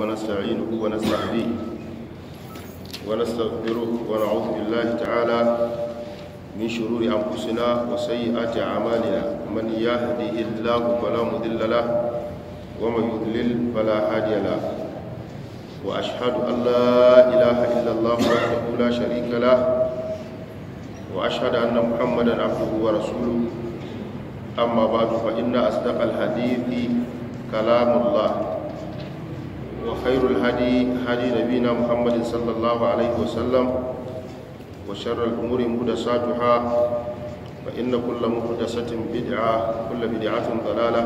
ونستعينه ونستهديه ونستغفره ونعوذ بالله تعالى من شرور أنفسنا وسيئات أعمالنا من يهده الله فلا مضل له ومن يضلل فلا هادي له وأشهد أن لا إله إلا الله وحده لا شريك له وأشهد أن محمدا عبده ورسوله أما بعد فإن أصدق الحديث كلام الله وخير الهدي هدي نبينا محمد صلى الله عليه وسلم وشر الأمور محدثاتها فإن كل محدثة بدعة كل بدعة ضلالة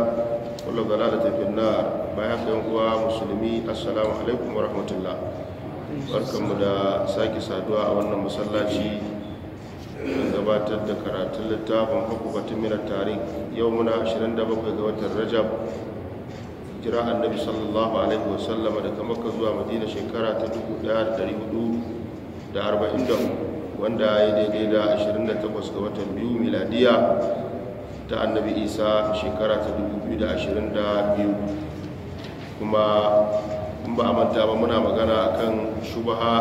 كل ضلالة في النار بحق ينقوى مسلمي السلام عليكم ورحمة الله barkanmu da sake saduwa a wannan masallaci don gabatar da karatun littafin hukumatun minar tarik yau muna 27 ga watan rajab jira annabi sallallahu alaihi wasallam daga makka zuwa madina shekara ta 1440 wanda ya daidai da 28 ga watan biyu miladiya ta annabi isa shekara ta 2022 kuma in ba a manta ba muna magana akan shubaha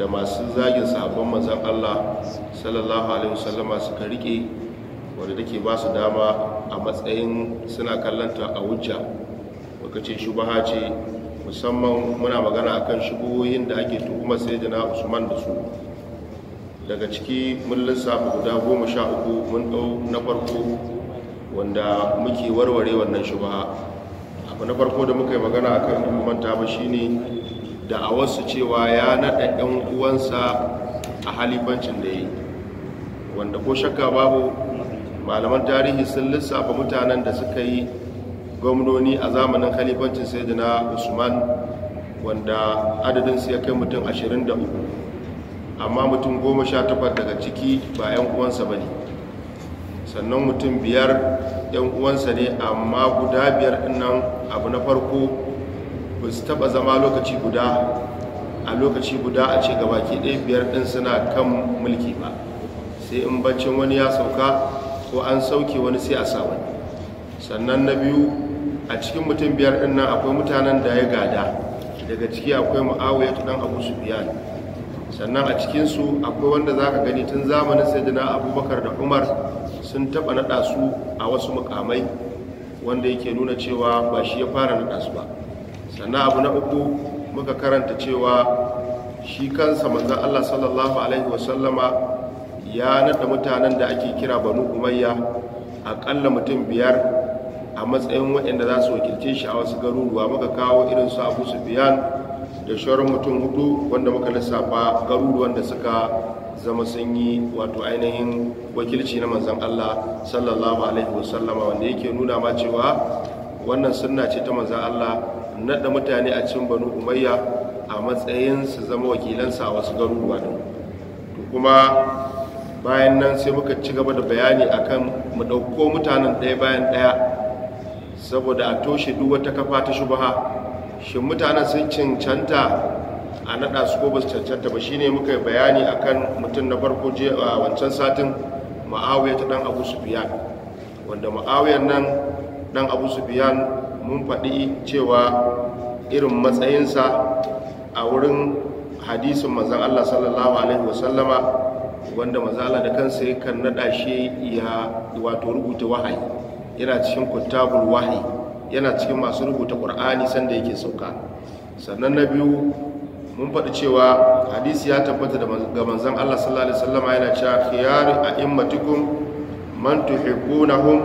da masu zagin sahabban manzan allah sallallahu alaihi wasallama suka rike wadda take ba su dama a matsayin suna kallanta a wujja baka ce shubaha ce musamman muna magana a akan shubuhoyin da ake tuhumar jana usman da su daga ciki mun lissafa guda goma sha uku mun ɗau na farko wanda muke warware wannan shubaha abu na farko da muka yi magana a kan manta ba shine da a wasu cewa ya naɗa 'yan uwansa a halifancin da ya yi wanda ko shakka babu malaman tarihi sun lissafa mutanen da suka yi gwamnoni a zamanin khalifancin na usman wanda adadin su ya kai mutum 23 amma mutum 18 daga ciki ba 'yan uwansa ba ne sannan mutum biyar 'yan uwansa ne amma guda biyar nan abu na farko ba su taba zama lokaci guda a lokaci guda a ce ke ɗaya biyar ɗin suna kan mulki ba sai in baccin wani ya sauka ko an sauke wani sai a sa sannan na biyu a cikin mutum biyar ɗin nan akwai mutanen da ya gada daga ciki akwai mu'awiyar dan abu biyar. sannan a cikinsu akwai wanda za ka gani tun zamanin sayyidina abubakar da umar sun taba naɗa su a wasu mukamai wanda yake nuna cewa ba shi ya fara naɗa su ba sannan abu na uku muka karanta cewa shi kansa manzan allah sallallahu alaihi wasallama ya naɗa mutanen da ake kira banu umayya aƙalla mutum biyar a matsayin waɗanda za su wakilce shi a wasu garuruwa muka kawo irin su abu sufiyan da shawarar mutum hudu wanda muka lissafa garuruwan da suka zama sun yi wato ainihin wakilci na manzan Allah sallallahu alaihi wasallama wanda yake nuna ma cewa wannan sunna ce ta manzan Allah naɗa mutane a cikin banu umayya a matsayin su zama wakilansa a wasu garuruwa To kuma bayan nan sai muka ci gaba da bayani akan mu ɗauko mutanen ɗaya bayan ɗaya saboda a toshe duk wata kafa ta shubha shi mutanen sun cancanta a naɗa su ko basu su cancanta ba shine muka yi bayani akan mutum na farko je a wancan satin ma'awiyar ta ɗan abu sufiyan wanda ma'awiyar nan ɗan abu sufiyan mun faɗi cewa irin matsayinsa a wurin hadisin mazan Allah sallallahu alaihi wasallama wanda manzan da kansa yakan naɗa shi ya wato rubuta wahayi yana cikin kuttabul wahi yana cikin masu rubuta kur'ani sanda yake sauka sannan na biyu mun faɗi cewa hadisi ya tabbata ga manzon Allah sallallahu alaihi wasallam yana cewa khiyaru a'immatikum man tuhibbunahum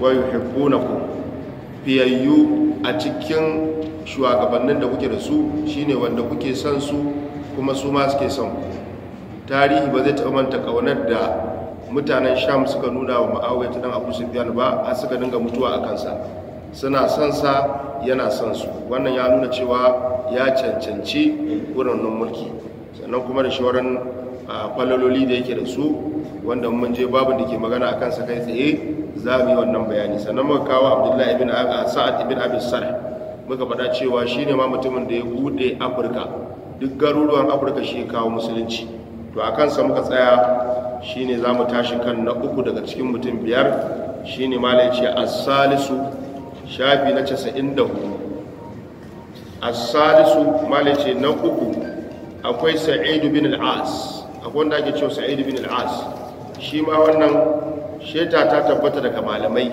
wa yuhibbunakum fiyayyu a cikin shugabannin da kuke da su shine wanda kuke son su kuma su ma suke son ku tarihi ba zai taɓa manta ƙaunar da mutanen sham suka nuna wa ma'awai ta dan abu sufiyan ba a suka dinga mutuwa a kansa suna son sa yana son su wannan ya nuna cewa ya cancanci wurin mulki sannan kuma da shawaran falaloli da yake da su wanda mun je babu da ke magana a kansa kai tsaye za mu yi wannan bayani sannan muka kawo abdullahi ibn sa'ad ibn abi sarh muka faɗa cewa shi ne ma mutumin da ya buɗe afirka duk garuruwan afirka shi ya kawo musulunci to a kansa muka tsaya shine za mu tashi kan na uku daga cikin mutum biyar shine ma ce A salisu shafi na casa'in 94 A salisu ma ce na uku akwai Sa'idu bin al-as akwai wanda ake cewa Sa'idu bin al-as shi ma wannan sheta ta tabbata daga malamai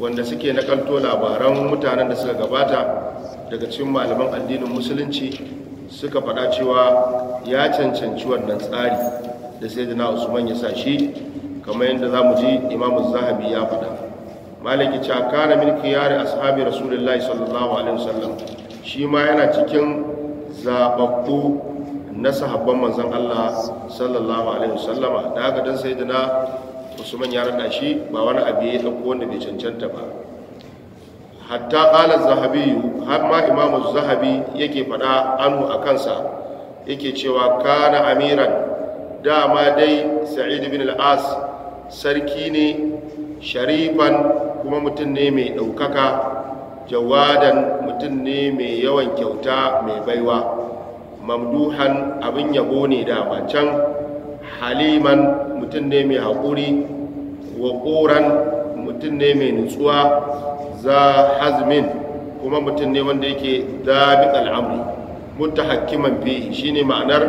wanda suke nakalto labaran mutanen da suka gabata daga cikin malaman addinin musulunci suka faɗa cewa ya cancanci wannan tsari da sayyidina usman ya sa shi kamar yadda za mu ji imamu zahabi ya faɗa maliki ca kana min kiyari ashabi rasulullahi sallallahu alaihi wasallam shi ma yana cikin zababbu na sahabban manzon Allah sallallahu alaihi wasallama da haka dan sayyidina usman ya rada shi ba wani abu ya dauko wanda bai cancanta ba hatta qala zahabi har ma imamu zahabi yake faɗa anu kansa yake cewa kana amiran dama dai sa'id bin as sarki ne sharifan kuma mutum ne mai ɗaukaka jawadan mutum ne mai yawan kyauta mai baiwa mamduhan abin yabo ne da can haliman mutum ne mai haƙuri waƙoran mutum ne mai nutsuwa za hazmin kuma mutum ne wanda yake zabi al'amri mutu hakiman shine ma'anar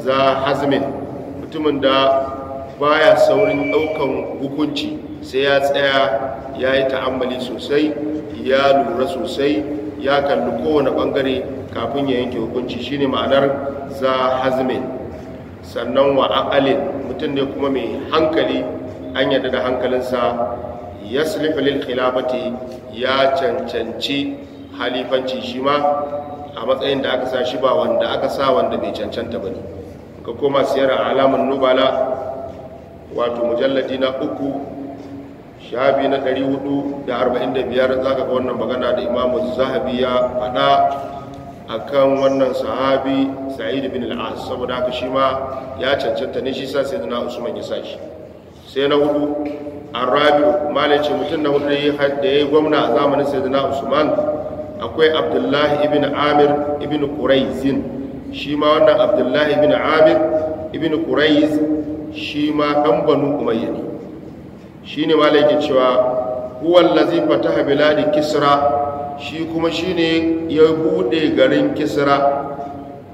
za hazmin mutumin da baya saurin daukan hukunci sai ya tsaya ya yi ta'ammali sosai ya lura sosai ya kalli kowane bangare kafin ya yanke hukunci shine ma'anar za hazmin sannan wa mutum ne kuma mai hankali an yadda da hankalinsa ya sulifa lil khilafati ya cancanci halifanci shi ma a matsayin da aka sa shi ba wanda aka sa wanda bai cancanta ba ne ka koma siyar a alamun nubala wato mujalladi na uku shabi na 445 za ka ga wannan magana da imamu zahabi ya faɗa a kan wannan sahabi sa'id bin al'as saboda haka shi ma ya cancanta ne shi sa sai na usman ya sa shi sai na hudu arabiu malice mutum na hudu da ya yi gwamna a zamanin sai na usman akwai abdullahi ibn amir ibn quraizin shi ma wannan abdullahi bin amir ibn Kur'ais, shi ma dan banu umayya ne ma malai cewa cewa lazifa ta habila da kisra shi kuma shi ne ya bude garin kisra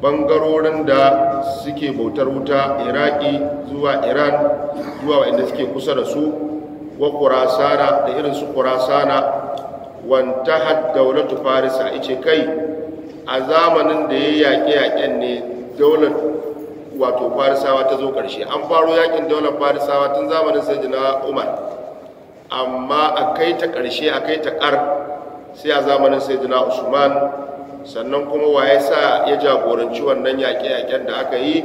bangarorin da suke bautar wuta iraki zuwa iran zuwa inda suke kusa da su wa kurasana da irin su kurasana wanta had daulatu ice kai a zamanin da ya yaƙe yaƙen ne daular wato farisawa ta zo ƙarshe an faro yaƙin daular farisawa tun zamanin jina umar amma a kai ta ƙarshe a kai ta ƙar sai a zamanin jina usman sannan kuma waye sa ya jagoranci wannan yaƙe-yaƙen da aka yi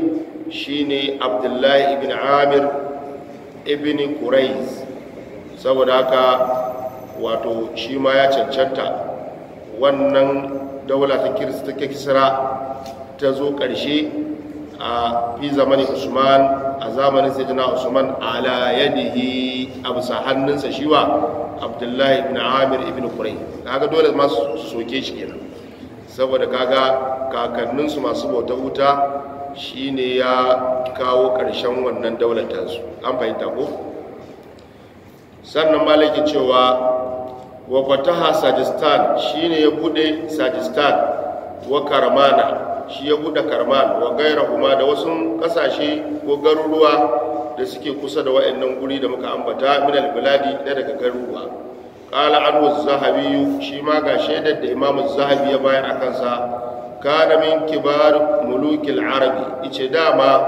shine abdullahi ibn amir ibn kurais saboda haka wato shi ma ya cancanta wannan daula ta kirista ta kisra ta zo ƙarshe a fi zamani usman a zamanin sayyidina usman ala yadihi a bisa hannunsa shiwa abdullahi na amir ibn kurai kaga dole masu su soke shi kenan saboda kaga kakanninsu masu bauta wuta shine ya kawo ƙarshen wannan daular an fahimta ko sannan malaki cewa wa fataha sajistan shine ya bude sajistan wa karmana shi ya bude karman wa gaira kuma da wasu kasashe ko garuruwa da suke kusa da wa'annan guri da muka ambata min albiladi na daga garuruwa qala anhu zahabi shi ma ga shaidar da imamu zahabi ya bayan akan sa kana min kibar mulukil arabi ice dama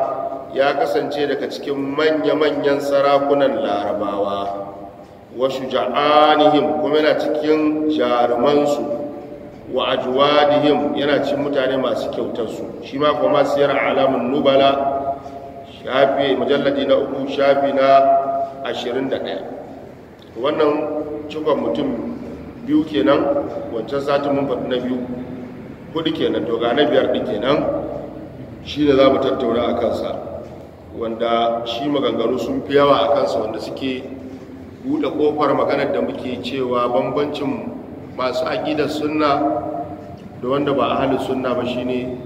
ya kasance daga cikin manya-manyan sarakunan larabawa wa shuja'anihim kuma yana cikin jarumansu wa ajwadihim yana cikin mutane masu kyautarsu shi ma kuma siyar alamun nubala shafi mujalladi na uku shafi na ashirin da ɗaya wannan cikon mutum biyu kenan wancan satin mun faɗi na biyu hudu kenan to ga na biyar ɗin kenan shi ne za mu tattauna a kansa wanda shi maganganu sun fi yawa a kansa wanda suke buɗe ƙofar maganar da muke cewa bambancin masu aƙidar sunna da wanda ba a sunna ba shine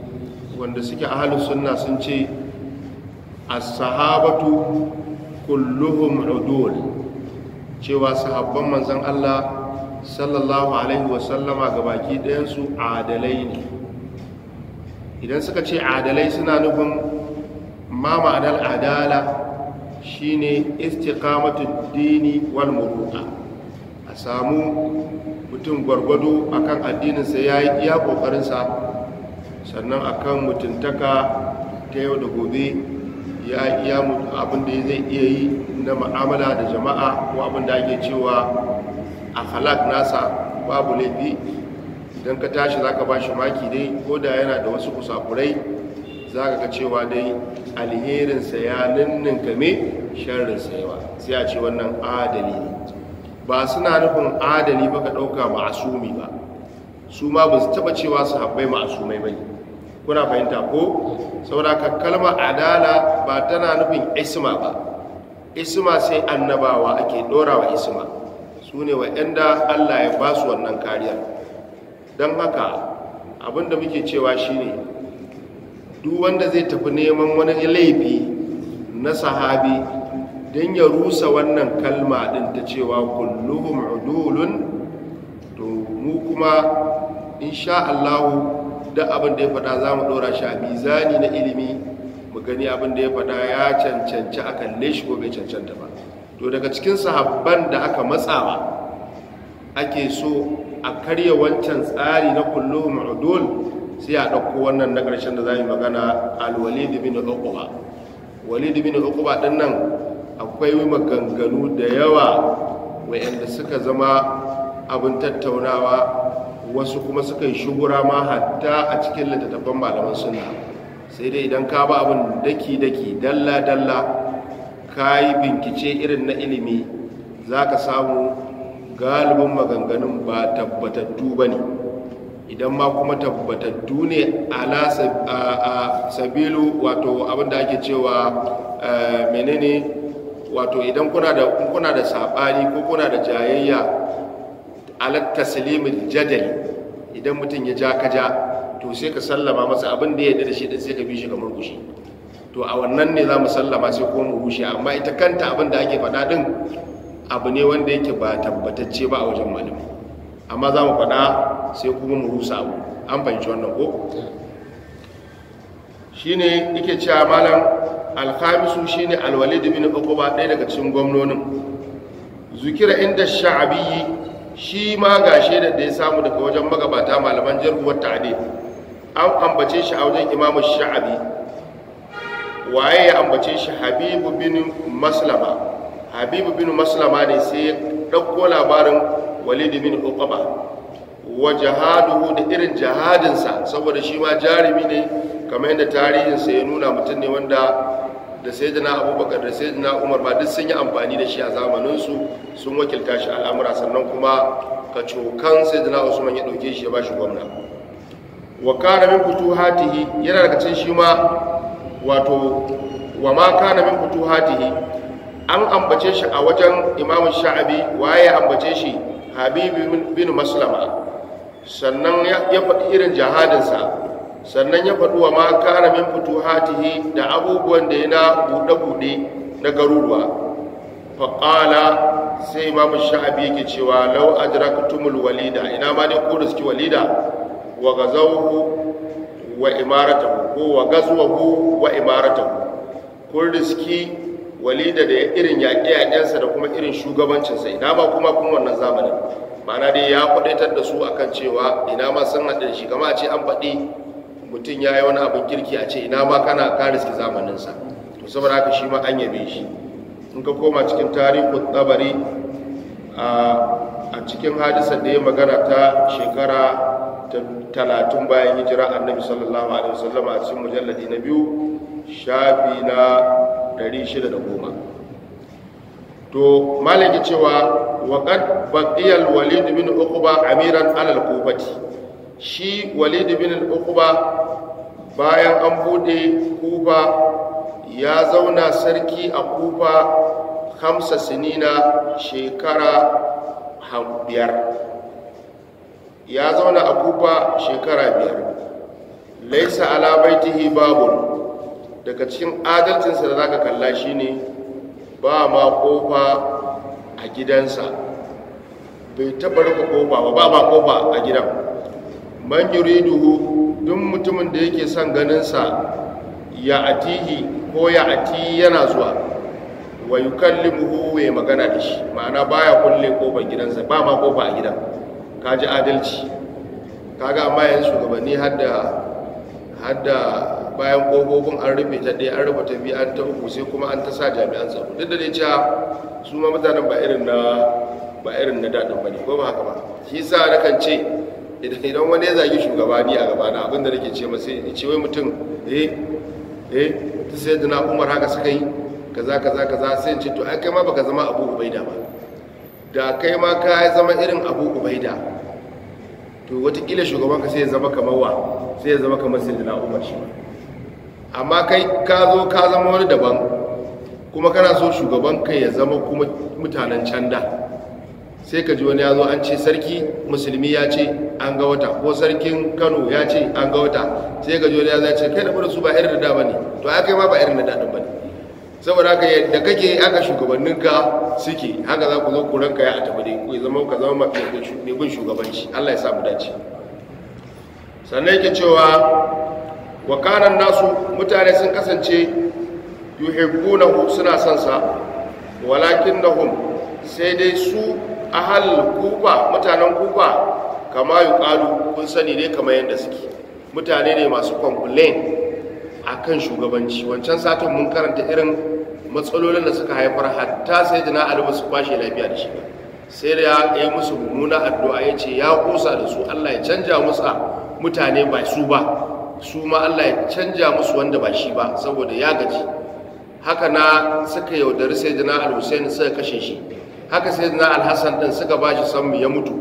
wanda suke halin sunna sun ce a sahabatu kulluhum udul cewa sahabban manzon Allah sallallahu alaihi wasallama ga baki ɗayansu adalai ne idan suka ce adalai suna nufin ma ma'anar adala Shi shine istiqamatu dini wal a samu mutum gwargwado akan addininsa ya yi iya ƙoƙarinsa sannan akan mutuntaka ta yau da gobe ya iya abin da zai iya yi na ma'amala da jama'a ko abinda da ake cewa a halak nasa babu laifi idan ka tashi za ka ba shi maki dai ko da yana da wasu kusakurai zaka ga cewa dai alherinsa ya ninninka me sharrinsa yawa sai a ce wannan adali ne ba suna nufin adali ba ka ɗauka ma'asumi ba su ma ba su taɓa cewa su haɓɓai ma'asumai ba kuna fahimta ko sauraka kalma adala ba tana nufin isma ba isma sai annabawa ake dora wa isma su ne wa inda allah ya ba su wannan kariya. don haka abinda muke cewa shine duk wanda zai tafi neman wani laifi na sahabi don ya rusa wannan kalma din ta cewa kulluhum udulun to mu kuma insha Allah da abin da ya faɗa za mu ɗora shi a mizani na ilimi mu gani abin da ya faɗa ya cancanci a kan shi ko bai cancanta ba to daga cikin sahabban da aka matsawa ake so a karya wancan tsari na kulluhum udul sai a ɗauko wannan na ƙarshen da za yi magana alwalidi bin uquba walidi bin ukuba din nan akwai maganganu da yawa wayanda suka zama abin tattaunawa wasu kuma suka yi shugura ma hatta a cikin littattafan malaman suna sai dai idan ka ba abin daki-daki dalla-dalla ka yi bincike irin na ilimi za ka samu galibin maganganun ba tabbatattu ba ne idan ma kuma tabbatattu ne ala sabilu wato abinda ake cewa eh, menene wato idan kuna da sabani ko kuna da jayayya ala taslimil jadali idan mutum ya ja ka ja to sai ka sallama masa abin da ya yarda da shi da sai ka bi shi kamar gushi to a wannan ne za mu sallama sai ko mu rushe amma ita kanta abin da ake faɗa ɗin abu ne wanda yake ba tabbatacce ba a wajen malami amma za mu faɗa sai kuma mu rusa abu an fahimci wannan ko shine yake cewa malam alkhamisu alwale alwalid bin ba ɗaya daga cikin gwamnonin zukira inda sha'abi shi ma gashe da da ya samu daga wajen magabata malaman jarhu wa an ambace shi a wajen imamu sha'abi waye ya ambace shi habibu bin maslama habibu bin maslama ne sai ya ɗauko labarin walidi bin ƙwaƙwaba. wa jihadu da irin jihadinsa saboda shi ma jarumi ne kamar yadda tarihinsa ya nuna mutum ne wanda da sai da na abubakar da sai da na umar ba duk sun yi amfani da shi a zamaninsu sun wakilta shi al'amura sannan kuma ka cokan na usman ya ɗauke shi ya ba shi gwamna wa kana min hatihi yana daga cikin shi ma wato wa ma kana min hatihi an ambace shi a wajen imamu sha'abi waye ambace shi habibi bin maslama sannan ya faɗi irin jihadinsa sannan ya faɗi wa ma kara min hatihi da abubuwan da yana buɗe-buɗe na garuruwa faƙala sai imamu sha'abi yake cewa lau a jira tumul walida ina ma ne ko da suke walida wa gazawhu wa imaratahu ko wa ku wa ko da suke walida da irin yaƙe-yaƙensa da kuma irin shugabancinsa ina ma kuma kun wannan zamanin mana dai ya kwadaitar da su akan cewa ina ma san haɗin shi kama a ce an faɗi mutum ya yi wani abin kirki a ce ina ma kana kariski zamaninsa to saboda haka shi ma an yabe shi in ka koma cikin tarihin tsabari a cikin hadisar da ya magana ta shekara talatin bayan hijira annabi sallallahu alaihi wasallam a cikin mujalladi na biyu shafi na goma. to malaki cewa waƙad baƙiyar Walidu bin ukuba amiran alal kubati shi Walidu bin ukuba bayan an bude kuba, ya zauna sarki a kuba hamsa sinina shekara biyar ya zauna a kuba shekara biyar laisa ala baitihi daga cikin adalcinsa da za ka kalla shi ne. ba ma kofa a gidansa bai taɓa rufe kofa ba ba ma kofa a gidan man duhu duk mutumin da yake son ganinsa ya atihi ko ya ati yana zuwa wa yi yukallimuhu ya magana da shi ma'ana baya kulle kofar gidansa ba ma kofa a gidan kaji adalci kaga amma shugabanni har hadda bayan gogogon an rufe ta dai an rufe ta biya an ta uku sai kuma an ta sa jami'an tsaro duk da dai cewa su ma mutanen ba irin na ba irin na daɗin ba ne ko ba haka ba shi sa na kan ce idan wani ya zagi shugaba ni a gaba abin da nake ce masa ni ce wai mutum eh eh ta sai da na umar haka suka yi kaza kaza kaza sai ce to ai kai ma baka zama abu ubaida ba da kai ma ka zama irin abu ubaida to watakila shugaban ka sai ya zama kamar wa sai ya zama kamar da umar shi amma kai ka zo ka zama wani daban kuma kana so shugaban ka ya zama kuma mutanen canda sai ka ji wani ya zo an ce sarki musulmi ya ce an ga wata ko sarkin kano ya ce an ga wata sai ka ji wani ya zo ya ce kai da su ba irin da da ba ne to a kai ma ba irin da daɗin ba ne saboda haka yadda kake haka ka suke haka za ku zo ku ranka ya a tafi dai zama ka zama mai bin shugabanci Allah ya samu dace sannan yake cewa wa karan nasu mutane sun kasance hu suna son sa walakin nahum sai dai su ahal kufa mutanen kufa kama yuqalu kun sani ne kamar yadda suke mutane ne masu complain akan shugabanci wancan satin mun karanta irin matsalolin da suka haifar hatta sai jina ali su kwashe lafiya da shi ba sai da ya yi musu mummuna addu'a ya ce ya kusa da su allah ya canja musu mutane ba su ba su ma allah ya canja musu wanda ba shi ba saboda ya gaji haka na suka yaudari sai jina al suka kashe shi haka sai jina alhassan din suka ba shi sammu ya mutu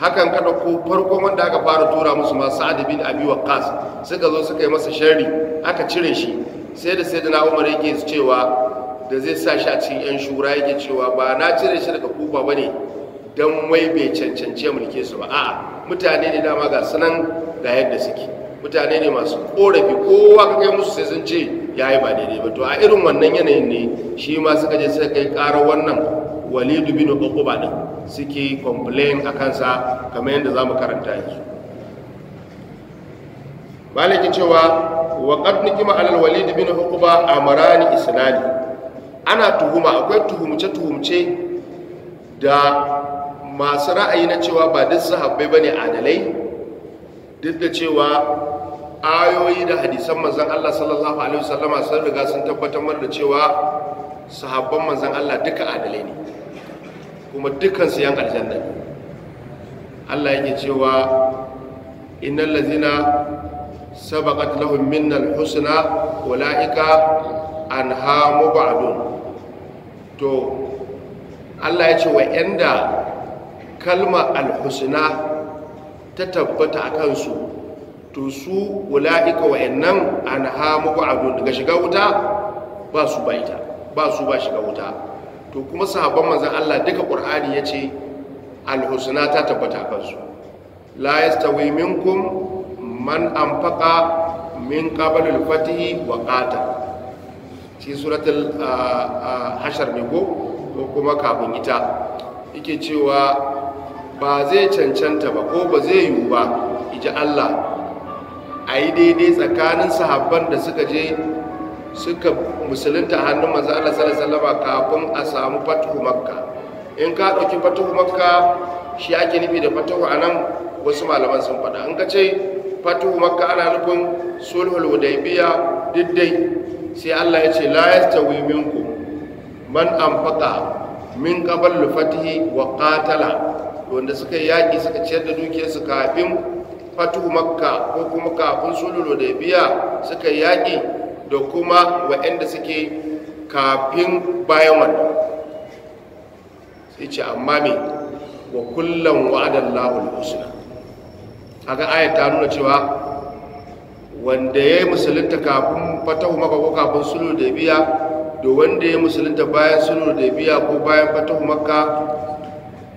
hakan kada ko farkon wanda aka fara tura musu ma sa'ad bin abi waqqas suka zo suka yi masa sharri aka cire shi sai da sai sayyidina umar yake cewa da zai sa shi a cikin 'yan shura yake cewa ba na cire shi daga kufa ba ne don wai bai cancance mulke su ba a'a mutane ne dama ga sanan ga yadda suke mutane ne masu korafi kowa ka kai musu sai sun ce ya yi ba daidai ba to a irin wannan yanayin ne shi ma suka je suka kai ƙarar wannan walidu bin uquba din suke complain a kansa kamar yadda za mu karanta yanzu malikin cewa wa qad nikima alal walid bin uquba amrani isnani ana tuhuma akwai tuhumce-tuhumce da masu ra'ayi na cewa ba duk sahabbai ba ne adalai duk da cewa ayoyi da hadisan manzan Allah sallallahu Alaihi wasallama sun riga sun tabbatar da cewa sahabban manzan Allah duka adalai ne kuma dukansu yan aljanna ne Allah yake cewa innal lazina sabaqat lahum minnal husna ulaika anha mubadun to allah ya ce wa'yanda kalma al-Husna ta tabbata a kansu to su wula'ika wa'yannan an hamu ba'adu daga shiga wuta ba su ba ita ba su ba shiga wuta to kuma sahabban manzan allah duka ƙur'ani ya ce al-Husna ta tabbata a kansu la yastawi minkum man anfaqa min qabla fatihi wa ƙata. shi suratul hashar ne ko kuma kafin ita yake cewa ba zai cancanta ba ko ba zai yiwu ba iji Allah a yi daidai tsakanin sahabban da suka je suka musulunta hannun manzo Allah kafin a samu fatuhu makka in ka ɗauki fatuhu makka shi ake nufi da fatuhu anan wasu malaman sun faɗa in ka ce fatuhu makka ana nufin sulhul duk diddai sai Allah ya ce la yastawi minkum man anfaqa min qabl fatihi wa qatala wanda suka yaki suka ciyar da dukiyarsu kafin fatu makka ko kuma kafin sululu da biya suka yaki da kuma waɗanda suke kafin bayan wannan sai ce amma me wa kullum wa'adallahu al-husna kaga ayat ta nuna cewa wanda ya yi musulunta kafin fatahu maka ko kafin sulhu da biya da wanda ya yi musulunta bayan sulhu da biya ko bayan fatahu maka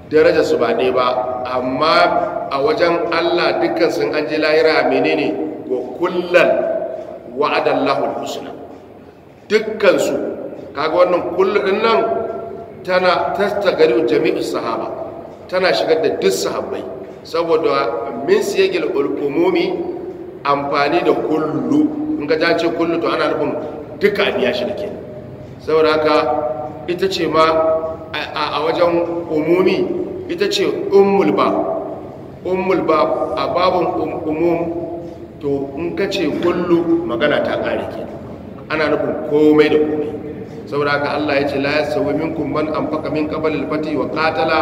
daraja su ba ne ba amma a wajen allah dukkan sun an ji lahira menene wa kullum wa'adallahu husna dukkansu kaga wannan kullum nan tana tastagari jami'in sahaba tana shigar da duk sahabbai saboda min siyagil ulumumi amfani da kullu in ka ja ce kullu to ana nufin duka a biya shi da ke saboda haka ita ce ma a wajen umumi ita ce ummul ba ummul a babin um, umum to in ka ce kullu magana ta ƙare kenan ana nufin komai da komai saboda haka Allah ya ce la yasawu minkum man anfaqa min qabl al-fati wa qatala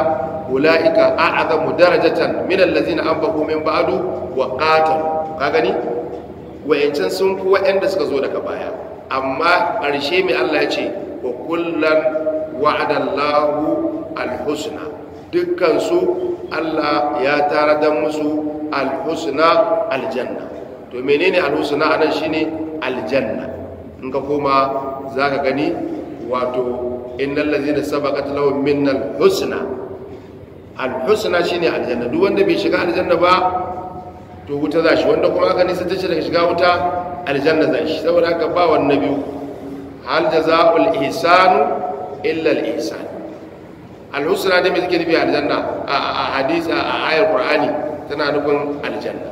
ulaika a'zamu darajatan min allazina anfaqu min ba'du wa qatalu ka gani wayancan sun fi wayanda suka zo daga baya amma ƙarshe mai Allah ya ce wa kullan wa'adallahu al-husna dukkan su Allah ya tara dan musu al-husna aljanna to menene al-husna anan shine aljanna in ka koma za ka gani wato innal ladzina sabaqat lahum minnal husna al husna shi shine aljanna duk wanda bai shiga aljanna ba to wuta za shi wanda kuma aka nisa ta shi daga shiga wuta aljanna za shi saboda haka ba wannan biyu hal da za jaza'ul ihsanu illa al ihsan al husna da me take nufi aljanna a hadisi a ayar qur'ani tana nufin aljanna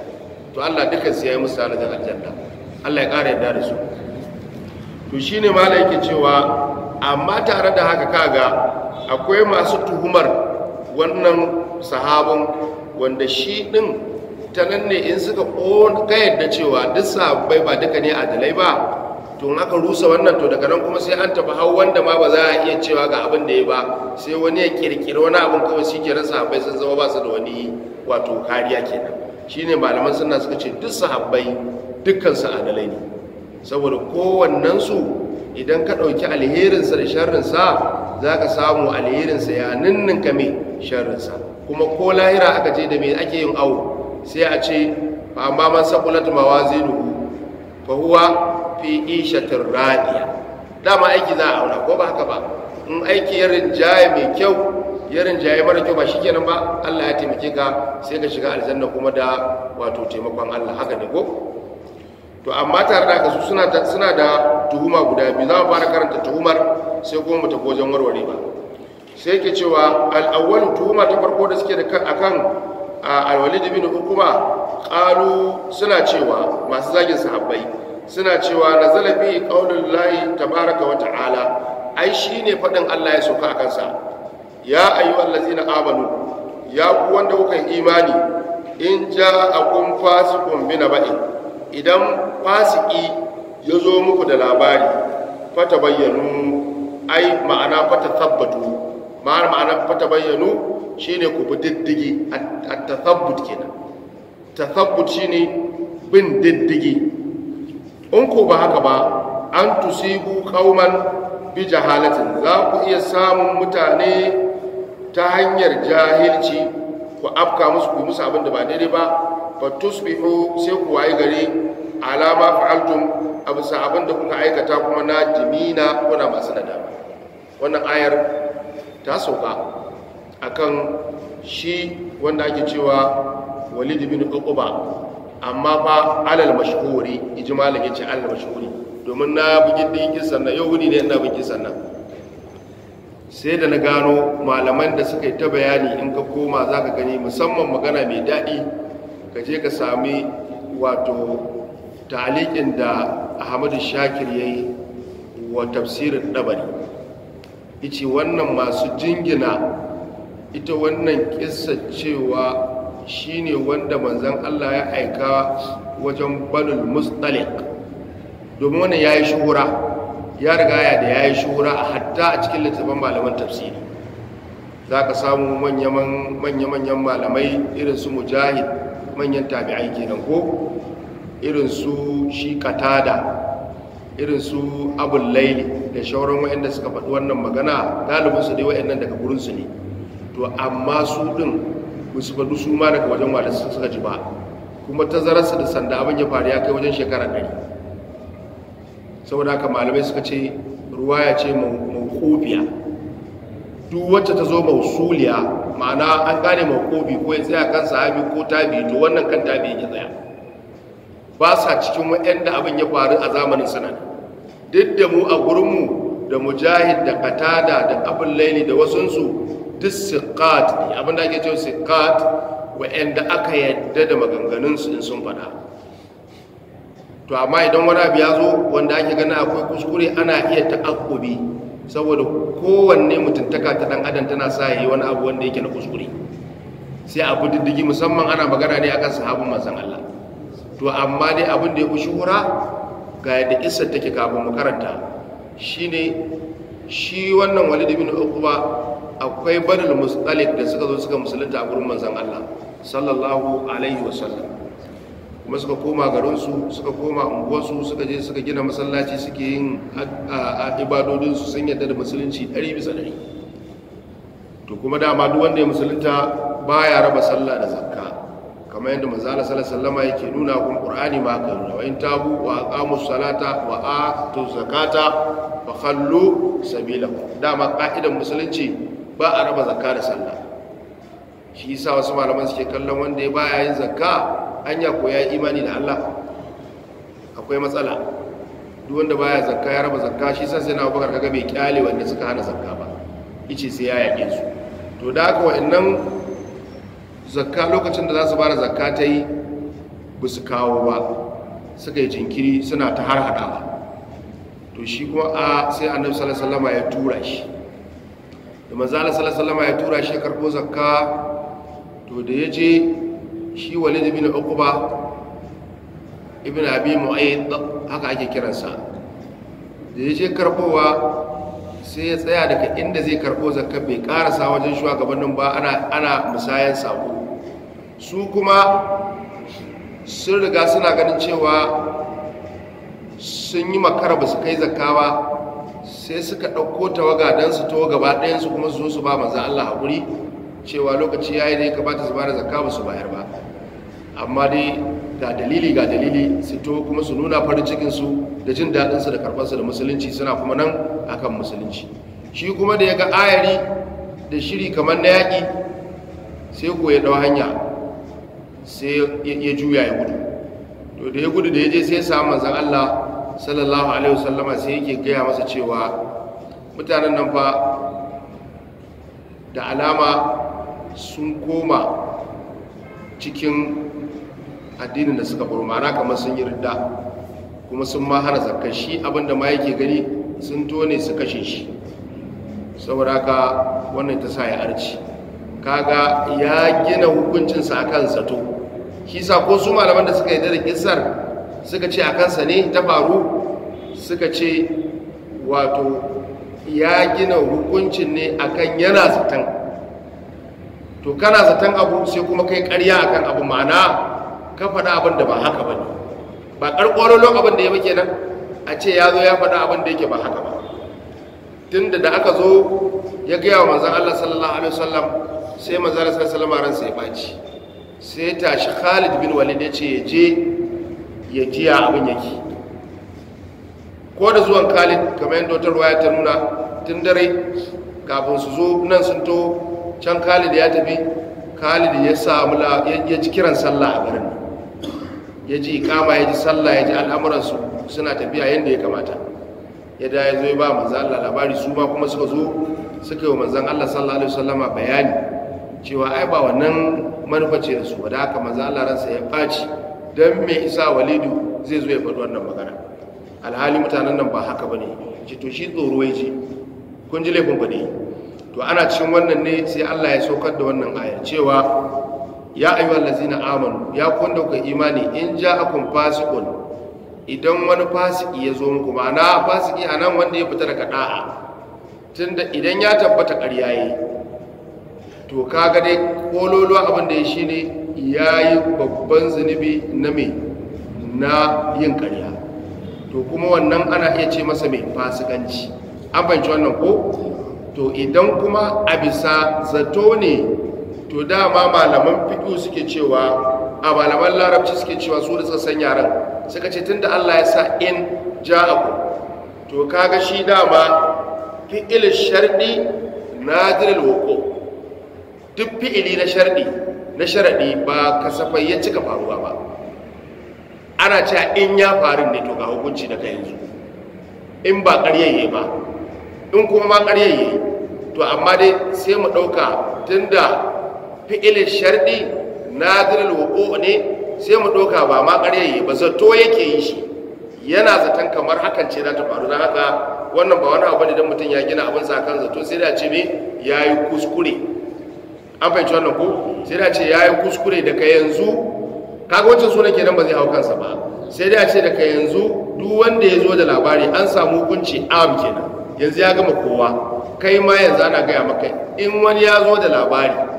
to Allah dukkan siya ya musu aljanna Allah ya kare yadda da su to ne mala yake cewa amma tare da haka kaga akwai masu tuhumar wannan sahabon wanda shi ɗin ta nan ne in suka ka da cewa duk sabai ba duka ne a dalai ba to in aka rusa wannan to daga nan kuma sai an tafi hau wanda ma ba za a iya cewa ga abin da ya ba sai wani ya kirkiri wani abin kawai shi kenan sahabbai sun zama ba su da wani wato kariya kenan shine malaman suna suka ce duk sahabbai dukkan su adalai ne saboda kowannensu idan ka ɗauki alherinsa da sharrinsa za ka samu alherinsa ya ninninka mai sharrinsa kuma ko lahira aka ce da mai ake yin awo sai a ce amma man zai mawazinuhu ba huwa fi ishatin radiya dama aiki za a auna ko ba haka ba in aiki ya rinjaye mai kyau ya rinjaye mara kyau ba shikenan ba Allah ya taimake ka sai ka shiga aljanna kuma da wato taimakon Allah haka ne ko to amma tare da haka su suna suna da tuhuma guda biyu za mu fara karanta tuhumar sai kuma mu tafi wajen warware ba sai ke cewa al tuhuma ta farko da suke da akan al-walid bin hukuma qalu suna cewa masu zagin sahabbai suna cewa nazala bi qaulullahi tabaaraka wa ta'ala ai shine fadin Allah ya soka akan sa ya ayyuhallazina amanu ya ku wanda kuka imani in ja akum fasiqun bi naba'in idan fasiki ya zo muku da labari fata bayyanu ai ma'ana fata tabbatu ma'ana ma'ana fata bayyanu shine ku bi diddigi at tathabbut kenan tathabbut shine bin diddigi in ku ba haka ba an tusibu qauman bi jahalatin za ku iya samun mutane ta hanyar jahilci ku afka musu ku musu abin da ba daidai ba fatusbihu sai ku waye gari alama fa'altum abu sa'abin da kuka aikata kuma na jimina kuna masu nadama wannan ayar ta sauka akan shi wanda ake cewa walid bin uquba amma fa alal mashhuri ijmalin yace alal mashhuri domin na bugin din kisan na, yau ne ina bugin kisan nan sai da na gano malaman da suka yi ta bayani in ka koma zaka gani musamman magana mai daɗi ka je ka sami wato talikin da ahmadu shakir ya yi wa tafsirin ɗabari ice wannan masu jingina ita wannan kisa cewa shine wanda manzan Allah ya aika wajen banul mustalik domin wannan ya yi shura ya rigaya da ya yi shura a hatta a cikin littattafan malaman tafsiri za ka samu manya-manyan malamai irin su mujahid manyan tabi'ai kenan ko irin su shi katada irin su abul laili da shauran wa'anda suka faɗi wannan magana su dai wa'annan daga gurinsu ne to amma su din, musu faɗi su ma daga wajen wadda suka ji ba kuma tazararsa da sanda abin ya faru ya kai wajen shekara ɗari saboda haka malamai suka ce ruwa ya ce mawukufiya duk wacce ta zo mausuliya ma'ana an gane makobi ko ya tsaya kan sahabi ko tabi to wannan kan tabi ya tsaya ba sa cikin waɗanda abin ya faru a zamanin sanar duk da mu a gurinmu da mujahid da katada da abin laili da wasunsu duk sikat ne abin da ake cewa sikat waɗanda aka yadda da maganganunsu in sun faɗa to amma idan wani abu ya zo wanda ake gana akwai kuskure ana iya ta'akobi saboda kowanne mutuntaka ta dan adam tana sa yi wani abu wanda yake na kuskure sai abu diddigi musamman ana magana ne akan sahabin manzon Allah to amma dai abin da ya ku shuhura ga yadda isar take kafin mu karanta shine shi wannan Walid ibn Uqba akwai Banul Mustalik da suka zo suka musulunta a gurin manzon Allah sallallahu alaihi wasallam kuma suka koma garinsu suka koma unguwarsu suka je suka gina masallaci suke yin ibadodinsu sun yadda da musulunci ɗari bisa ɗari to kuma dama duk wanda ya musulunta ba ya raba sallah da zakka kamar yadda manzala sallama yake nuna kuma ƙur'ani ma ka nuna wa'in tabu wa aqamu salata wa atu zakata fa khallu sabilahum dama ka'idan musulunci ba a raba zakka da sallah shi yasa wasu malaman suke kallon wanda ya baya yin zakka hanya ko ya imani da Allah akwai matsala duk wanda baya zakka ya raba zakka shi san sai na bakar kaga bai kyale wanda suka hana zakka ba yace sai ya yake su to da haka wa'annan zakka lokacin da za su fara zakka ta yi ba su kawo ba suka yi jinkiri suna ta har haɗawa to shi kuma a sai annabi sallallahu alaihi ya tura shi da manzo sallallahu alaihi ya tura shi karɓo zakka to da ya je shi walid ibn uqba ibn abi mu'ayyid haka ake kiransa da yaje karbowa sai ya tsaya daga inda zai karbo zakka bai karasa wajen shugabannin ba ana ana musayan su kuma sun riga suna ganin cewa sun yi makara ba su kai zakka ba sai suka ɗauko tawaga don su to gaba ɗayansu kuma su zo su ba maza Allah haƙuri cewa lokaci ya yi da ya kamata su ba da zakka ba su bayar ba amma dai ga dalili ga dalili su kuma su nuna farin cikinsu da jin daɗinsu da karfansu da musulunci suna kuma nan akan musulunci shi kuma da ya ga ayari da shiri kamar na yaki sai ko ya ɗau hanya sai ya juya ya gudu to da ya gudu da ya je sai samu manzan Allah sallallahu alaihi wasallama sai yake gaya masa cewa mutanen nan fa da alama sun koma cikin addinin da suka baro kamar sun yi ridda kuma sun ma hana zakka shi abinda ma yake gani sun tone su kashe shi saboda ka wannan ta sa ya arci kaga ya gina hukuncinsa a kan zato shi sa ko su malaman da suka yi da kisar suka ce a kansa ne ta faru suka ce wato ya gina hukuncin ne akan yana zaton to kana zaton abu sai kuma kai karya akan abu ma'ana ka faɗa abin da ba haka ba ne ba ƙarƙwarolo abin da ya muke nan a ce ya zo ya faɗa abin da yake ba haka ba tun da aka zo ya gaya wa manzan Allah sallallahu alaihi wasallam sai manzan Allah sallallahu alaihi wasallam ya baci sai shi Khalid bin Walid ya ce ya je ya jiya abin yake ko da zuwan Khalid kamar yadda wata ruwaya ta nuna tun dare kafin su zo nan sun to can Khalid ya tafi Khalid ya samu ya ji kiran sallah a garin ya ji ikama ya ji sallah ya ji al'amuransu suna tafiya yadda ya kamata ya da ya zo ya ba manzan Allah labari su ma kuma suka zo suka yi manzan Allah sallallahu alaihi wasallama bayani cewa ai ba wannan manufa ce da su ba haka manzan Allah ransa ya faci dan mai isa walidu zai zo ya faɗi wannan magana alhali mutanen nan ba haka bane ce to shi tsoro ce kun ji laifin ba to ana cikin wannan ne sai Allah ya saukar da wannan ayar cewa ya ayyuhal ladzina amanu ya ku ka imani in ja'akum fasiqun idan wani fasiki ya zo muku ma'ana fasiki anan wanda ya fita daga da'a tunda idan ya tabbata ƙarya to kaga dai kololo abin da ya shine yayi babban zunubi na me na yin ƙarya to kuma wannan ana iya ce masa mai fasikanci an banci wannan ko to idan kuma a bisa zato ne to dama malaman fiƙo suke cewa a malaman larabci suke cewa su da sassan yaran suka ce tun da Allah ya sa in ja abu to kaga shi dama fi'il sharɗi jiril wuqu duk fi'ili na sharɗi na sharaɗi ba kasafai ya cika faruwa ba ana cewa in ya faru ne to ga hukunci daga yanzu in ba ƙaryayye ba in kuma ba ƙaryayye to amma dai sai mu ɗauka tunda fi'ilin sharɗi nazirin wuko ne sai mu ɗauka ba ma ƙarya yi ba zato yake yi shi yana zaton kamar hakan ce na ta faru na haka wannan ba wani abu ne don mutum ya gina abin sa kan zato sai da ce me ya yi kuskure an fahimci wannan ko sai da ce ya yi kuskure daga yanzu kaga wancan suna kenan ba zai hau kansa ba sai da ce daga yanzu duk wanda ya zo da labari an samu hukunci am kenan yanzu ya gama kowa kai ma yanzu ana gaya maka in wani ya zo da labari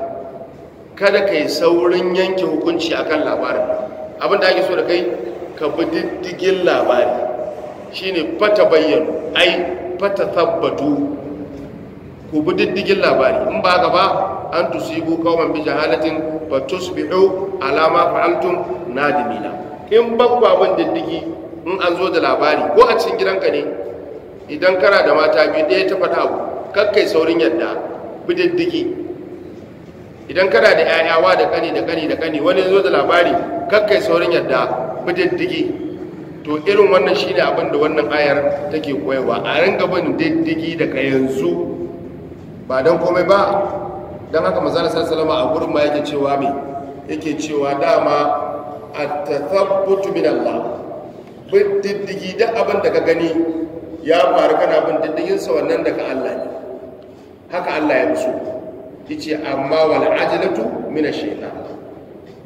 kada ka yi saurin yanke hukunci a kan labarin abin da ake so da kai ka bi diddigin labari ne fata bayyano ai fata tabbatu ku bi diddigin labari in ba gaba an an tusibu kawman bi jahalatin bi tusbihu alama ma na dimina. in bakwa bin diddigi in an zo da labari ko a cikin gidanka ne idan kana da mata biyu ɗaya ta fata abu kakkai saurin yadda bi diddigi idan kana da yayawa da kani da kani da kani wani zo da labari kakkai saurin yadda bididdigi to irin wannan shine abin da wannan ayar take koyarwa a ringa bin diddigi daga yanzu ba don komai ba don haka manzon sallallahu alaihi a gurin ma yake cewa me yake cewa dama at-tathabbutu min Allah bididdigi da abin da ka gani ya faru kana bin diddigin sa wannan daga Allah ne haka Allah ya musu yace amma wal ajlatu min ash-shaytan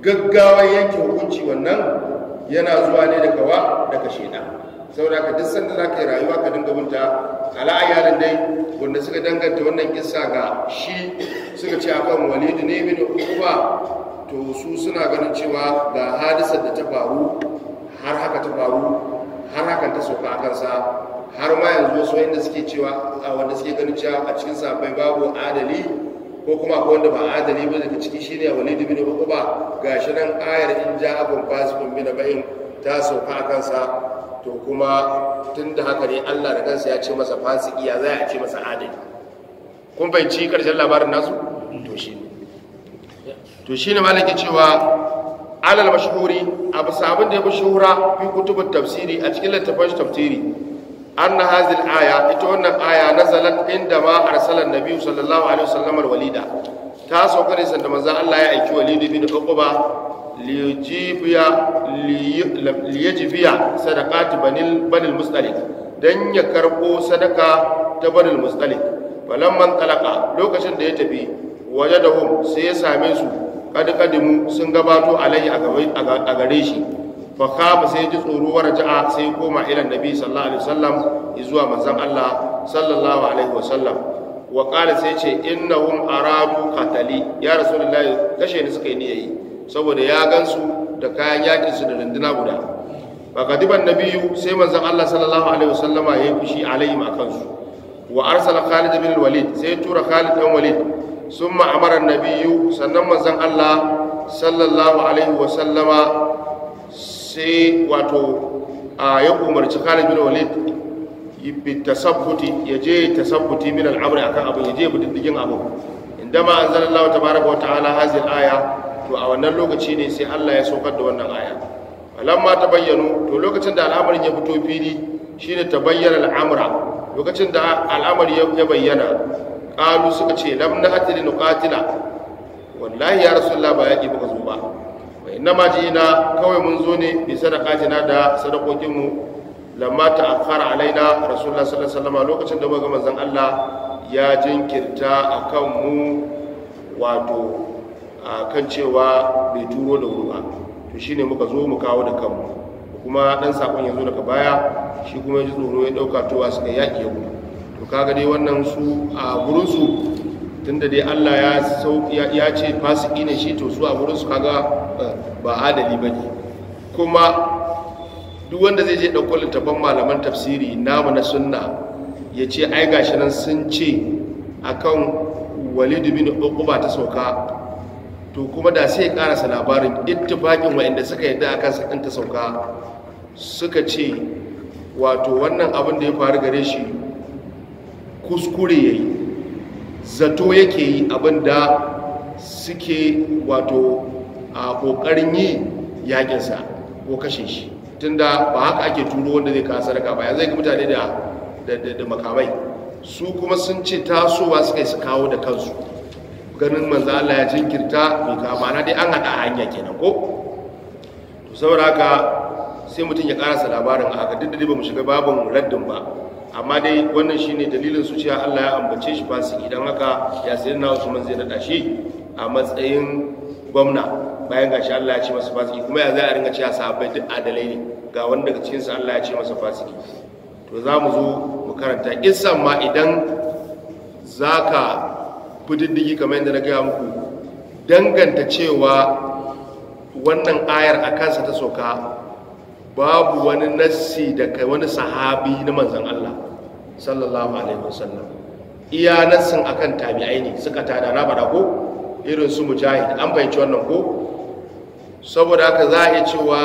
gaggawa yake hukunci wannan yana zuwa ne daga wa daga shaytan saboda ka duk sanda zaka yi rayuwa ka dinga bunta ala ayyalan dai wanda suka danganta wannan kissa ga shi suka ce akan walid ne min uba to su suna ganin cewa ga hadisar da ta faru har haka ta faru har hakan ta sauka a kansa har ma yanzu wasu wanda suke cewa wanda suke ganin cewa a cikin sabai babu adali ko kuma akwai wanda ba adali ba daga ciki shine walid bin ga gashi nan ayar in ja ja'akum fasiqun na naba'in ta sauka a kansa to kuma tunda haka ne Allah da kansa ya ce masa fasiki ya za a ce masa adali kun ci karshen labarin nasu to shine to shine malaki cewa alal mashhuri abu sabon da ya fi shuhura fi kutubut tafsiri a cikin littafin tafsiri anna hazil aya ita wannan aya nazalat inda ma arsala nabi sallallahu alaihi wasallam walida ta sauka ne sanda maza Allah ya aiki walidi bin uquba liyajibiya liyajibiya sadaqati banil banil mustalik dan ya karbo sadaka ta banil mustalik falamman talaka lokacin da ya tafi wajadahum sai ya same su kad kadimu sun gabato alai a gare shi fa kama sai ji tsoro wa raja'a sai ya koma ila nabi sallallahu alaihi wasallam zuwa manzon Allah sallallahu alaihi wasallam wa qala sai ce innahum aradu qatali ya rasulullahi kashe ni suka yi niyayi saboda ya gansu da kayan yakin su da runduna guda fa kadiban nabiyyu sai manzon Allah sallallahu alaihi ya yi fushi alaihim akan su wa arsala Khalid bin Walid sai tura Khalid bin Walid summa amara nabiyyu sannan manzon Allah sallallahu alaihi wasallama sai wato ya umarci khalid bin walid yi tasabbuti ya je tasabbuti min al'amri akan abin ya je bididdigin abu indama anzalallahu tabaraka wa ta'ala hazin aya to a wannan lokaci ne sai Allah ya saukar da wannan aya ma ta bayyano to lokacin da al'amarin ya fito fili shine bayyana al'amura lokacin da al'amari ya bayyana qalu suka ce lam na'ti li nuqatila wallahi ya rasu ba yaki baka zo ba inna ma ina kawai mun zo ne bi jina da sadakokin mu lamma akhara alaina rasulullah sallallahu alaihi wasallam lokacin da muka ga manzon Allah ya jinkirta akan mu wato kan cewa bai turo da wuri ba to shine muka zo mu kawo da kanmu kuma dan sakon yanzu daga baya shi kuma ji tsoro ya dauka towa suka yaki yau to kaga dai wannan su a gurin su tunda dai Allah ya ya ce fasiki ne shi to su a gurin su kaga eh, ba adali ba ne kuma duk wanda zai je ɗauko littafan malaman tafsiri namu na sunna ya ce ai gashi nan sun ce akan walidu bin uquba ta sauka to kuma da sai ya karasa labarin wa wa'anda suka yi da kansa sakin ta sauka suka ce wato wannan abin da ya faru gare shi kuskure ya yi, zato yake yi abin da suke wato a kokarin yi yakinsa ko kashe shi tun da ba haka ake turo wanda zai kawo sadaka ba ya zai ga mutane da makamai su kuma sun ce tasowa suka yi su kawo da kansu ganin manzo Allah ya jinkirta mai kama na dai an hada hanya kenan ko to saboda haka sai mutum ya karasa labarin haka duk da dai mu shiga babin raddin ba amma dai wannan shi ne dalilin su cewa Allah ya ambace shi fasiki idan haka ya na Usman zai naɗa shi a matsayin gwamna bayan gashi Allah ya ce masa fasiki kuma ya za a ringa cewa sahabbai duk adalai ne ga wanda daga cikin su Allah ya ce masa fasiki to za mu zo mu karanta isan ma idan zaka fididdigi kamar yadda na gaya muku danganta cewa wannan ayar a kansa ta soka babu wani nassi da wani sahabi na manzan Allah sallallahu alaihi wasallam iya nassin akan tabi'ai ne suka tada na bada ko irin su mujahid an fahimci wannan ko saboda haka za a iya cewa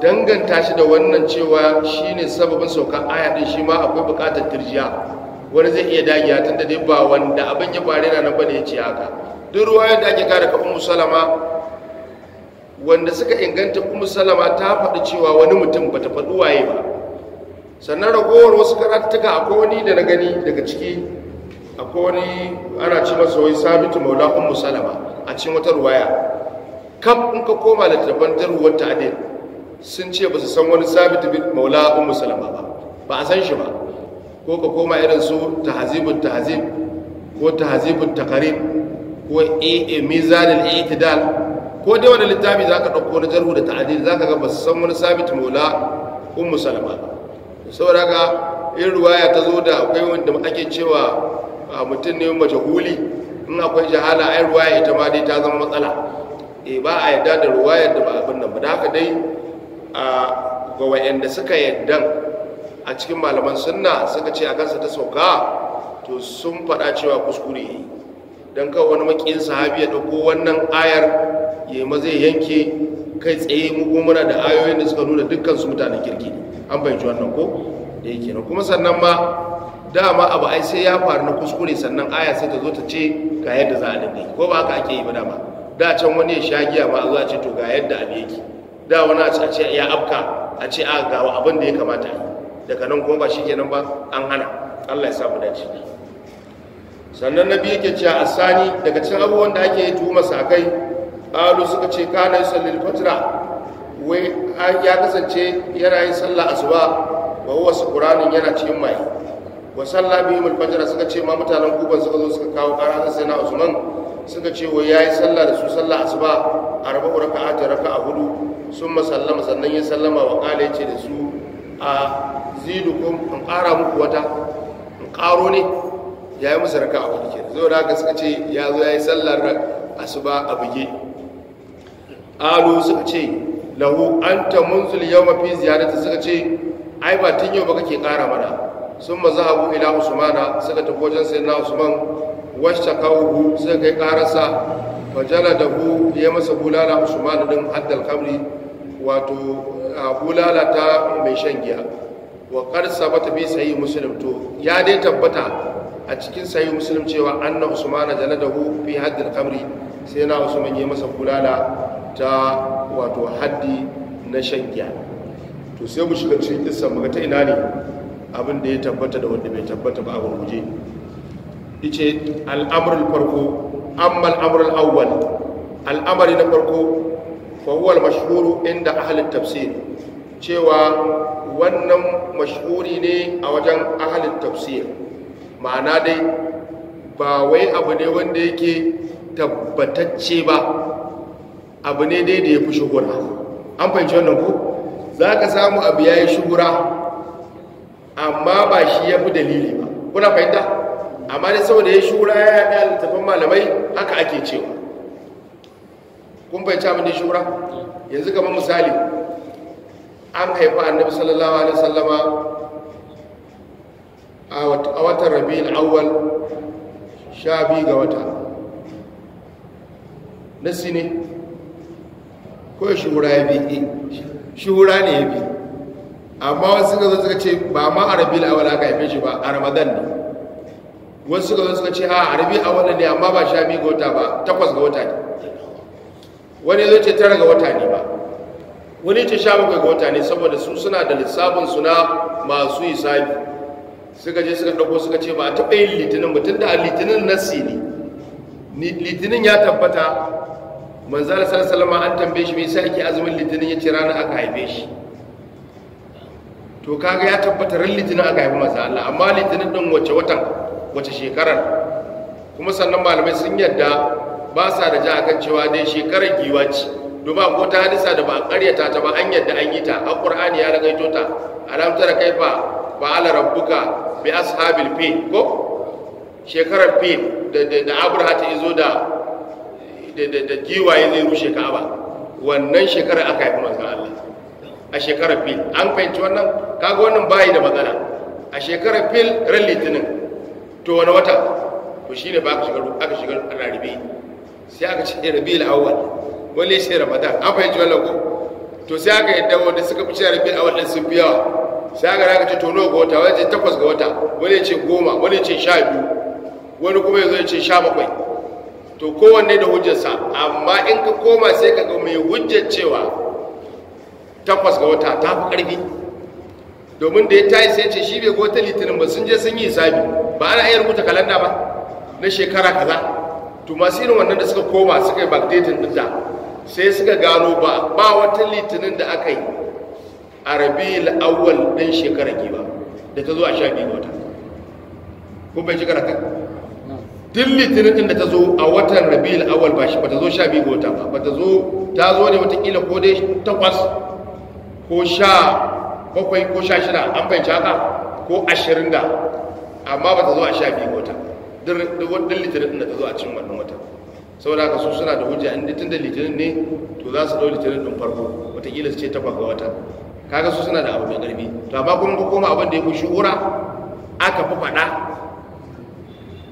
danganta shi da wannan cewa shine sababin saukan aya din shi ma akwai bukatar tirjiya wani zai iya dagiya tun da dai ba wanda abin ya faru na nan bane ya ce haka duk ruwa da ake kare ka ummu salama wanda suka inganta ummu salama ta faɗi cewa wani mutum bata faɗi waye ba sannan ragowar wasu karattuka akwai wani da na gani daga ciki akwai wani ana ci masa wai sabitu maula ummu salama a cikin wata ruwaya kam in ka koma littattafan darwar ta'adil sun ce ba su san wani sabitu maula ummu salama ba ba a san shi ba ko ka koma irin su tahazibun tahazib ko tahazibun taqrib ko mizan al i'tidal ko dai wani littafi zaka dauko na jarhu da ta'adil zaka ga ba su san wani sabitu maula ummu salama ba saboda haka in ruwaya ta zo da akwai wanda ake cewa a mutum ne mace huli in akwai jahala ai ruwaya ita ma dai ta zama matsala e ba a yadda da ruwayar da ba abin nan ba da haka dai a ga wayanda suka yaddan a cikin malaman sunna suka ce a kansa ta sauka to sun faɗa cewa kuskure don kawai wani makin sahabi ya ɗauko wannan ayar ya ma zai yanke kai tsaye mu mana da ayoyin da suka nuna dukkan su mutanen kirki an bayyana wannan ko da yake kuma sannan ma dama abu ai sai ya faru na kuskure sannan aya sai ta zo ta ce ga yadda za a dinga yi ko ba haka ake yi ba dama da can wani ya sha giya ma zuwa ce to ga yadda abi yake da wani a ce ya afka a ce a ga abin da ya kamata daga nan kuma ba shi kenan ba an hana Allah ya sa mu dace sannan nabi yake cewa asani daga cikin abubuwan da ake yi tuhuma sakai qalu suka ce kana yusallil fatra wai ya kasance yana yin sallah asuba wa huwa sukuranin yana cikin mai wa salla bihim al suka ce ma mutanen kuban suka zo suka kawo ƙara na usman suka ce wa yayi sallah da su sallah asuba raka'a raka'at raka'a hudu sun sallama sannan ya sallama wa qala yace da su a zidukum in ƙara muku wata in ƙaro ne ya yi musu raka'a hudu ke zo da haka suka ce ya zo yayi sallar asuba a buge alu suka ce lahu anta munzul yawma fi ziyarati suka ce ai ba tun yau ba kake ƙara mana sun mazahabu ila usmana suka tafi wajen sai na usman washta kawuhu suka kai karasa fajala da hu ya masa bulala usman din haddal kamri wato bulala ta mai shan giya wa qad sabata bi sahih muslim to ya dai tabbata a cikin sahih muslim cewa anna usman jaladahu fi haddal kamri sai na usman ya masa bulala ta wato haddi na shan giya to sai mu shiga cikin kissa mu ta ina ne abin da ya tabbata da wanda bai tabbata ba a gurguje ice al'amur farko amma al'amrul awwal al'amari na farko fa mashuru inda ahalin tafsir cewa wannan mashuri ne a wajen ahalin tafsir ma'ana dai ba wai abu ne wanda yake tabbatacce ba abu ne dai da ya fi shuhura an fahimci wannan ku za ka samu abu ya yi shuhura amma ba shi ya fi dalili ba kuna fahimta amma da saboda ya shura ya yi littafin malamai haka ake cewa kun fahimci abin shura yanzu kamar misali an haifa annabi sallallahu alaihi sallama a watan rabi'ul awwal sha biyu ga wata nasi ne ko shura ya bi shura ne ya bi amma wasu suka zo suka ce ba ma a rabi awal aka haife shi ba a ramadan ne wasu suka zo suka ce a a rabi ne amma ba sha biyu ga wata ba takwas ga wata ne wani zo ce tara ga wata ne ba wani ce sha bakwai ga wata ne saboda su suna da lissafin suna masu hisabi suka je suka ɗauko suka ce ba a taɓa yin litinin mutum da a litinin nasi ne litinin ya tabbata manzala sallallahu alaihi wasallam an tambaye shi me yasa yake azumin litinin ya ce ranar aka haife shi to kaga ya tabbata ran litinin aka haifi masa Allah amma litinin din wace watan wace shekarar kuma sannan malamai sun yadda ba sa da ja akan cewa dai shekarar giwa ce domin ko ta hadisa da ba a karyata ta ba an yadda an yi ta a ya ragaito ta alamtar kai fa ba ala rabbuka bi ashabil fi ko shekarar fi da da abraha ta izo da da giwaye zai rushe ka'aba wannan shekarar aka haifi manzan Allah a shekarar fil an fahimci wannan kaga wannan bayi da matsala a shekarar fil ran litinin to wani wata to shi ne ba aka shigar aka shigar rarrabe sai aka ce rabiul awwal wani shi ramadan an fahimci wannan ko to sai aka yadda wanda suka fi ce rabiul awwal din sun fi yawa sai aka raka ce tono ga wata wani ce takwas ga wata wani ce goma wani ce sha biyu wani kuma ya zo ya ce sha bakwai to kowanne da hujjarsa amma in ka koma sai ka ga mai hujjar cewa takwas ga wata ta fi ƙarfi domin da ya tayi sai ce shi bai ga wata litinin ba sun je sun yi hisabi ba ana iya rubuta kalanda ba na shekara kaza to masu irin wannan da suka koma suka yi backdating din da sai suka gano ba ba wata litinin da aka yi a rabi awwal ɗin shekara ba da ta zo a sha biyu wata ko bai shekara kan duk litinin din da ta zo a watan rabi awwal ba shi ba ta zo sha biyu wata ba ba ta zo ta zo ne watakila ko dai takwas ko sha bakwai ko sha shida an fahimci haka ko ashirin da amma ba ta zo a sha biyu wata duk litinin da ta zo a cin wannan wata saboda ka su suna da hujja inda tun da litinin ne to za su ɗau litinin ɗin farko wataƙila su ce ta ga wata kaga su suna da abu mai ƙarfi to amma kuma ga koma abin da ya fi shura aka fi faɗa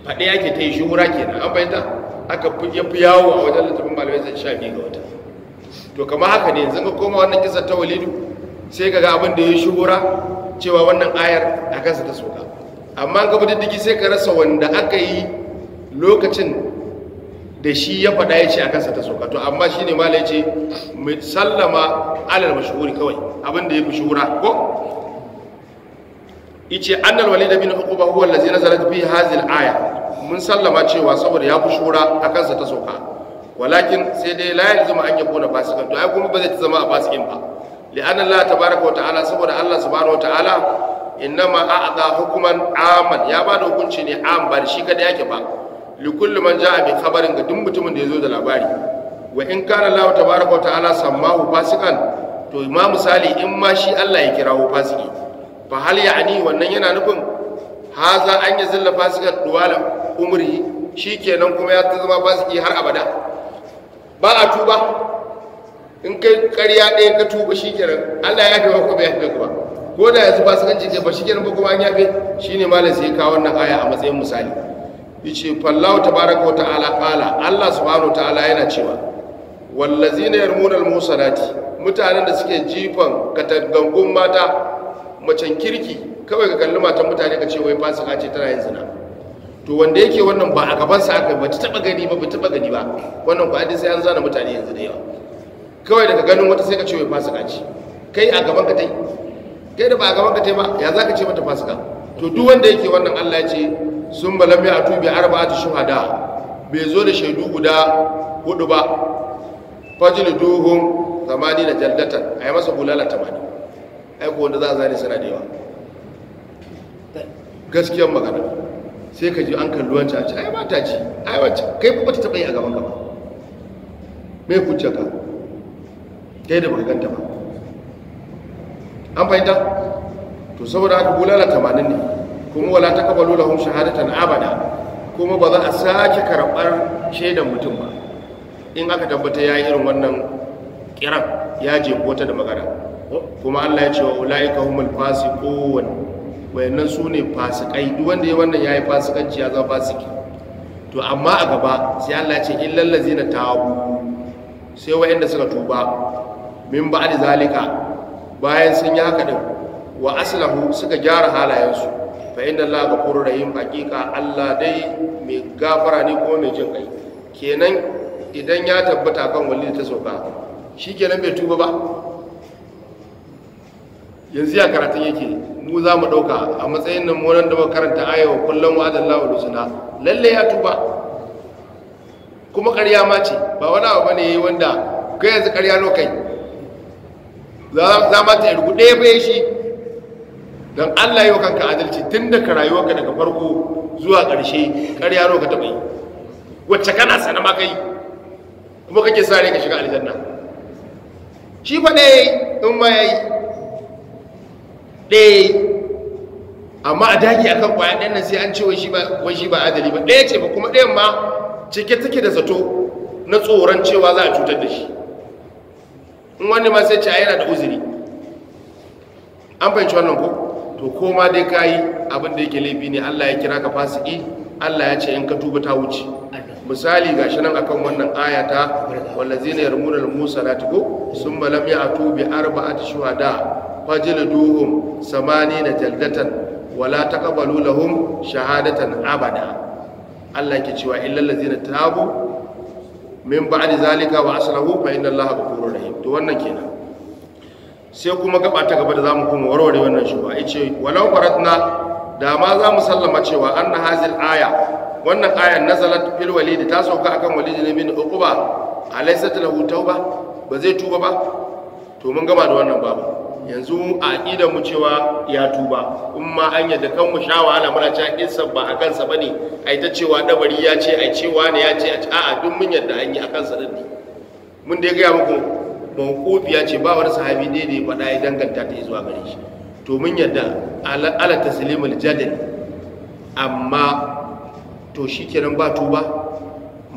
faɗe ake ta yi shura kenan an bayyana aka fi yawo a wajen littafin malamai zai sha biyu ga wata to kamar haka ne yanzu ga koma wannan kisa ta walidu sai ga abin da ya shugura cewa wannan ayar a kansa ta soka amma ga bi diddigi sai ka rasa wanda aka yi lokacin da shi ya faɗa ya ce a kansa ta soka to amma shi ne mala ya ce sallama alal mashuhuri kawai abin da ya fi shugura ko ice annal walida bin hukuba huwa allazi nazalat bi hadhihi al aya mun sallama cewa saboda ya fi shura akan sa ta soka walakin sai dai la yanzu ma an yi kona fasikan to ai kuma ba zai zama a fasikin ba li'anna Allah tabaraka wa ta'ala saboda Allah subhanahu wa ta'ala ma hukuman aman ya bada hukunci ne am ba shi kada yake ba li kulli man ja'a bi khabarin ga duk mutumin da yazo da labari wa in kana Allah tabaraka wa ta'ala sammahu fasikan to ma misali in ma shi Allah ya kirawo fasiki fa hal ya'ni wannan yana nufin haza an yazilla fasikan duwala umri shikenan kuma ya zama fasiki har abada ba a tuba in kai karya ɗaya ka tuba shi kenan allah ya fi ko bai yafe ba ko da yanzu ba su kan jike ba shi kenan ba kuma an yafe shi ne malam sai kawo wannan aya a matsayin misali yace fallahu tabaraka wa ta'ala qala allah subhanahu wa ta'ala yana cewa wallazina yarmuna al-musalati mutanen da suke jifan katangangun mata macen kirki kawai ka kalli matan mutane ka ce wai fasika ce tana yin zina to wanda yake wannan ba a sa aka ba taba gani ba ba taba gani ba wannan ku hadisi an zana mutane yanzu da yawa kawai daga ganin wata sai ka ce mai fasika ce kai a gaban ka tai kai da ba a gaban ka tai ba ya za ka ce mata fasika to duk wanda yake wannan Allah ya ce sun balami a tubi arba'atu shuhada bai zo da shaidu guda hudu ba duhum tamani da jaldatan ayi masa bulala tamani ai ko wanda za a zane sana da yawa gaskiyar magana sai ka ji an kalli wancan a ce ai mata ci ai wacce kai ba ta taba yi a gaban gaba mai hujja ka kai da bai ganta ba an fahimta to saboda haka bulala tamanin ne kuma wala ta kabalu hun shahadatan abada kuma ba za a sake karɓar shaidan mutum ba in aka tabbata ya yi irin wannan kiran ya je kota da magana kuma Allah ya ce wa ula'ika humul fasiqun wayannan su ne fasikai duk wanda ya wannan yayi fasikanci ya zama fasiki to amma a gaba sai Allah ya ce illal ladzina tabu sai wayanda suka tuba min ba'd zalika bayan sun yi haka din wa aslahu suka gyara halayensu fa inna Allah ghafurur rahim hakika Allah dai mai gafara ne ko mai jin kai kenan idan ya tabbata kan wali ta sauka shikenan bai tuba ba yanzu ya karatun yake mu za mu ɗauka a matsayin nan moran da makaranta ayawa kullum wa adalla wa lusuna lalle ya tuba kuma ƙarya ma ce ba wani abu bane yayi wanda kai yanzu ƙarya no kai za ma ta irgu ɗaya bai shi don Allah yau kanka adalci tun da ka daga farko zuwa ƙarshe ƙarya no ka taɓa yi wacce kana sana ma kai kuma kake sa ka shiga aljanna shi fa ne in ma yi. ɗaya amma a dagi kan ƙwayan ɗan nan sai an ce wai shi ba adali ba ɗaya ce ba kuma ɗayan ma cike take da zato na tsoron cewa za a cutar da shi in wani ma sai ce a yana da uzuri an fahimci wannan ko to koma dai ka yi abin da yake laifi ne allah ya kira ka fasiki allah ya ce in ka tuba ta wuce misali ga shi nan akan wannan ayata wallazina yarmuna al-musa la tuko summa a ya'tu bi a shuhada fajliduhum samanina jaldatan wala taqabalu lahum shahadatan abada Allah ke cewa illal ladzina tabu min ba'di zalika wa aslahu fa inna Allaha ghafurur rahim to wannan kenan sai kuma gaba ta gaba da zamu kuma warware wannan shuba yace walau faratna da ma za mu sallama cewa anna hazil aya wannan ayan nazalat fil walid ta sauka akan walid ibn uquba alaysa lahu tauba ba zai tuba ba to mun gaba da wannan babu yanzu a ƙida mu cewa ya tuba in ma an yadda kan mu sha wahala muna cewa kinsa ba a kansa bane ai ta cewa dabari ya ce ai cewa ne ya ce a a duk mun yadda an yi a kansa din mun dai gaya muku mawqufi ya ce ba wani sahabi dai ne faɗa ya danganta ta zuwa gare shi to mun yadda ala taslimul jadal amma to shikenan ba tuba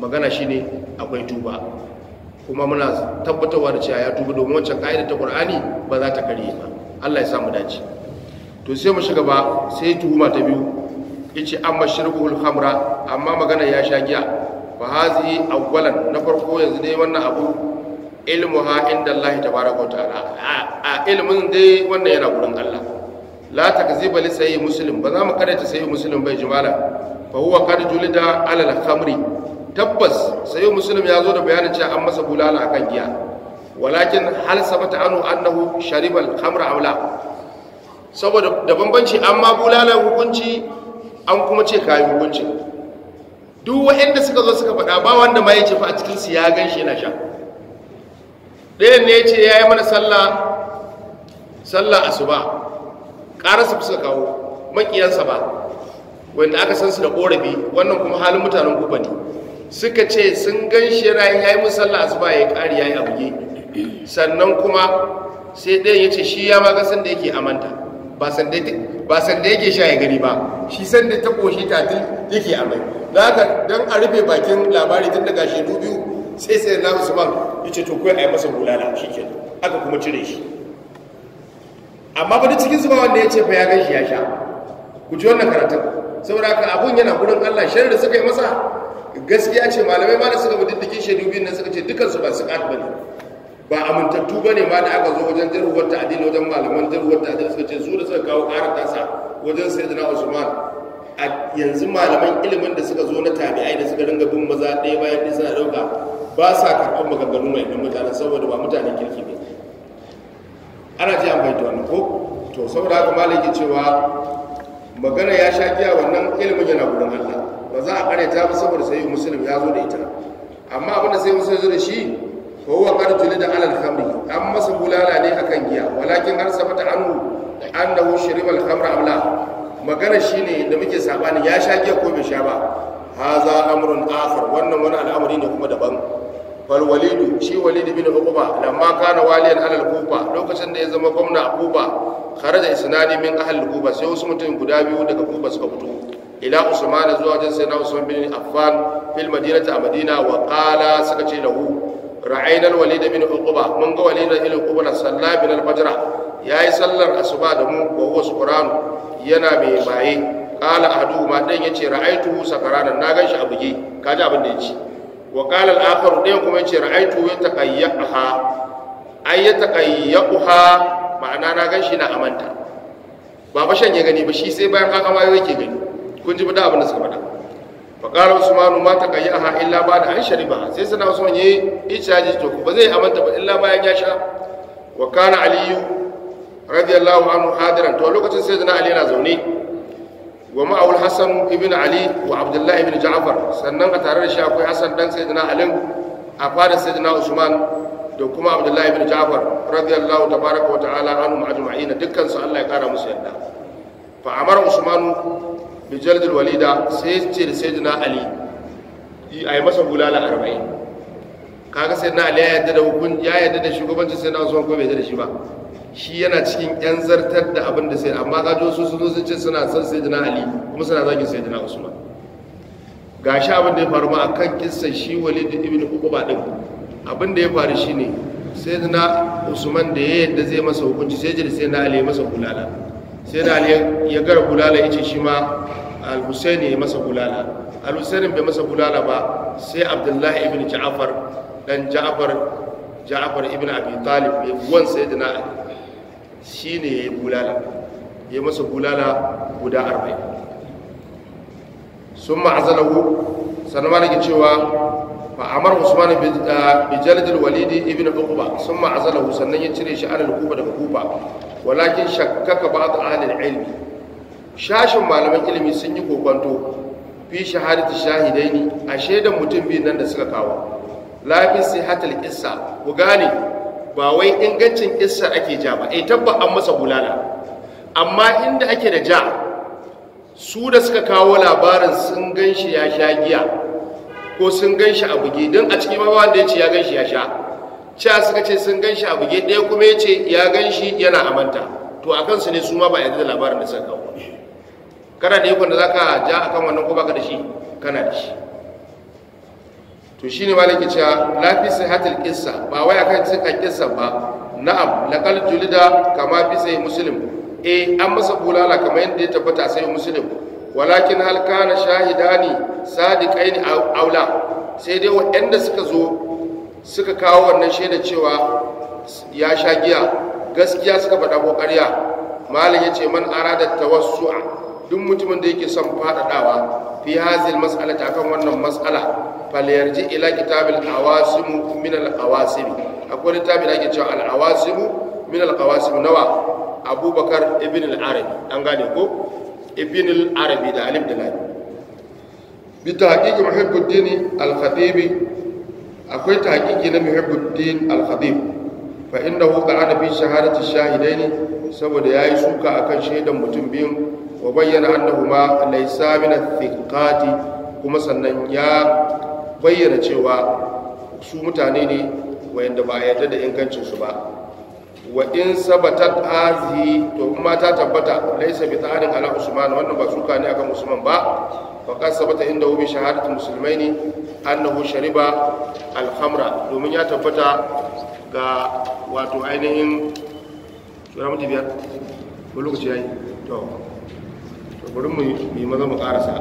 magana shine akwai tuba kuma muna tabbatarwa da cewa ya tuba domin wancan ka'ida ta qur'ani ba za ta karye ba Allah ya samu dace to sai mu shiga ba sai tuhuma ta biyu yace amma shirbul khamra amma magana ya sha giya fa hazi awwalan na farko yanzu ne wannan abu Ilmu ha inda Allah tabaaraka wa ta'ala a ilmin dai wannan yana gurin Allah la takziba li sayyi muslim ba za mu ta sayyi muslim bai jimala fa huwa qad julida ala al-khamri tabbas sayo musulun ya zo da bayanin cewa an masa bulala a kan giya walakin hal sabata anu annahu sharibal khamra aula. saboda da bambanci an ma bulala hukunci an kuma ce kayi hukunci duk waɗanda suka zo suka faɗa ba wanda ma ya ce fa a cikin su ya gan shi yana sha ɗayan ne ya ce ya yi mana sallah sallah asuba fi suka kawo makiyansa ba wanda aka san su da ƙorafi wannan kuma halin mutanen kuba ne suka ce sun gan shi yana ya yi musalla asuba ya ƙari ya yi abuge sannan kuma sai ɗaya ya ce shi ya ma san da yake amanta ba san da yake sha ya gani ba shi san da ta ƙoshi tun yake amai da haka don a rufe bakin labari tun daga shaidu biyu sai sai na man ya ce to a yi masa bulala shi ke aka kuma cire shi amma ba da cikin zuba wanda ya ce fa ya gan shi ya sha ku ji wannan karatun saboda haka abun yana gudun allah shirin da suka yi masa gaskiya ce malamai ma da suka diddigin shaidu biyun na suka ce dukansu ba su ƙat ba ne ba amintattu ba ne ma da aka zo wajen jarhuwar ta'adil wajen malaman jarhuwar ta'adil suka ce su da suka kawo ƙara tasa wajen sayyidina usman a yanzu malaman ilimin da suka zo na tabi'ai da suka ringa bin maza ɗaya bayan ɗaya suna ɗauka ba sa karɓar maganganu mai ɗan mutane saboda ba mutanen kirki ne ana ji an ta wannan ko to saboda haka malam yake cewa magana ya sha giya wannan ilimin yana gudun Allah ba za a karyata ba saboda sai musulun ya zo da ita amma abin da sai ya zo da shi ko wa qad juli da alal khamri an masa bulala ne akan giya walakin har sabata anhu annahu shariba al-khamra amla magana shine da muke sabani ya sha giya ko bai sha ba haza amrun akhar wannan wani al'amari ne kuma daban fal walidu shi walidu bin uquba lamma kana waliyan alal kufa lokacin da ya zama gwamna a kufa kharaja isnadi min ahli kufa sai wasu mutum guda biyu daga kufa suka fito ila usman zuwa sai na usman bin affan fil madinati a madina wa qala suka ce lahu ra'ayna al-walid bin uquba mun ga walid bin uquba salla bin al yayi sallar asuba da mu wa huwa sukranu yana mai baye qala ahadu ma dan yace ra'aytuhu sakaranan na ganshi a buge kaji abin da yace wa qala al-akhar dayan kuma yace ra'aytu yataqayyaha ay yataqayyaha ma'ana na ganshi na amanta ba bashan ya gani ba shi sai bayan ka kama yake gani kun ji bada abin da suka faɗa fa qala usman ma taqayyaha illa ba'da an shariba sai sana usman yayi icaji to ba zai amanta ba illa bayan ya sha wa aliyu radiyallahu anhu hadiran lokacin sai zina ali yana zaune wa ma'awul hassan ibn ali wa abdullahi ibn Ja'afar sannan a tare da shi akwai hassan dan sayyidina ali a fadar sayyidina usman da kuma abdullahi ibn ja'far radiyallahu tabaraka wa ta'ala anhum ajma'ina dukkan su Allah ya kara musu yadda fa amara usman bi jaldil walida sai ya ce da sayyidina ali yi ayi masa bulala 40 kaga sayyidina ali ya yadda da hukunci ya yadda da shugabancin sayyidina usman ko bai yadda da shi ba shi yana cikin yan zartar da abin da sai amma kajo su sun sun ce suna san jina ali kuma suna sai jina usman shi abin da ya faru ma akan kissan shi walid ibn uqba din abin da ya faru shine jina usman da ya yadda zai masa hukunci sai sai na ali masa kulala sai na ali ya gara kulala yace shi ma al-husayn ya masa kulala al-husayn bai masa kulala ba sai abdullahi ibn ja'far dan ja'far ja'far ibn abi talib bai wan sayyidina ali shi ne ya yi bulala ya masa bulala guda arba'in sun ma'azalahu sannan ma ke cewa fa'amar usman Bin ah, jaladil walidi ibn uquba sun ma'azalahu sannan ya cire shi alal kuba daga kuba walakin shakkaka ba'd ahlil ilmi shashin malaman ilimi sun yi kokonto fi shahadati shahidaini a shaidan mutum biyu nan da suka kawo la sai sihatil qissa ku gane ba wai ingancin kissa ake ja ba ai eh, tabba an masa bulala amma inda ake da ja su da suka kawo labarin sun gan shi ya sha giya ko sun gan shi a buge don a cikin ma wanda ya ce ya gan shi ya sha cewa suka ce sun gan shi a buge ɗaya kuma ya ce ya gan shi yana amanta to a kansu ne su ma ba yadda da labarin da suka kawo kana da yakon da za ka ja a kan wannan ko baka da shi kana da shi to shine malam ke cewa lafi sihatil qissa ba wai akan cikin qissa ba na'am laqal julida kama fi sai muslim eh an masa bulala kamar yadda ya tabbata sai muslim walakin hal kana shahidani a aula sai dai waɗanda suka zo suka kawo wannan shaida cewa ya sha giya gaskiya suka faɗa ko ƙarya malam ce man arada tawassu'a duk mutumin da yake son faɗaɗawa fi hazil mas'ala ta kan wannan mas'ala falyarji ila kitabil awasimu min al awasimi akwai littafi da ake cewa al awasimu min al awasimu nawa abubakar ibn al arabi an gane ko ibn al arabi da alif da lam bi tahqiq muhibbuddin al khatibi akwai tahqiqi na muhibbuddin al khatib fa innahu qa'ada fi shahadati shahidaini saboda yayi suka akan shaidan mutum biyun wa bayyana annahuma laysa min athiqati kuma sannan ya bayyana cewa su mutane ne wayanda ba yarda da ingancin su ba wa in sabata hazi to kuma ta tabbata laysa bi ta'anin ala usman wannan ba suka ne akan usman ba ka sabata inda hubi shahadatu muslimaini annahu shariba al-khamra domin ya tabbata ga wato ainihin bari mu yi maza mu karasa